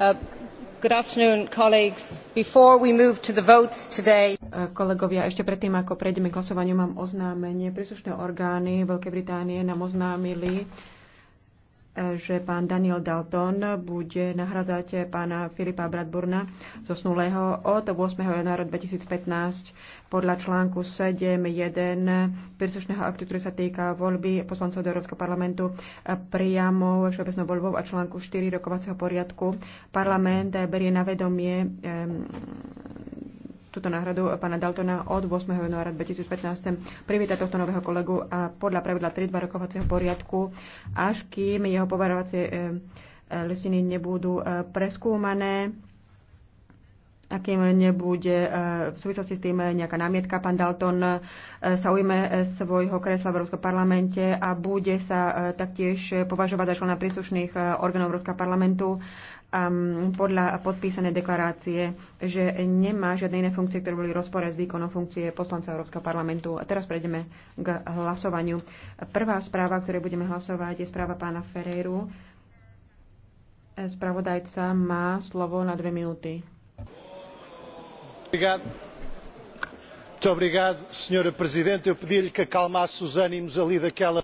Uh, uh, kolegovia, ešte predtým, ako prejdeme k hlasovaniu, mám oznámenie. Príslušné orgány Veľkej Británie nám oznámili, že pán Daniel Dalton bude nahradzať pána Filipa Bradburna zosnulého od 8. januára 2015 podľa článku 7.1 príslušného aktu, ktorý sa týka voľby poslancov do Európskeho parlamentu priamo všeobecnou voľbou a článku 4 rokovacieho poriadku. Parlament berie na vedomie túto náhradu pána Daltona od 8. januára 2015 privíta tohto nového kolegu a podľa pravidla 3-2 rokovacieho poriadku, až kým jeho povarovacie eh, eh, listiny nebudú eh, preskúmané akým nebude e, v súvislosti s tým nejaká námietka. Pán Dalton e, sa ujme svojho kresla v Európskom parlamente a bude sa e, taktiež považovať za člena príslušných orgánov Európskeho parlamentu podľa podpísanej deklarácie, že nemá žiadne iné funkcie, ktoré boli rozpore s výkonom funkcie poslanca Európskeho parlamentu. A teraz prejdeme k hlasovaniu. Prvá správa, o ktorej budeme hlasovať, je správa pána Ferreiru. Spravodajca má slovo na dve minúty muito obrigado senhora presidente eu pedia lhe que acalmasse os ânimos ali daquela.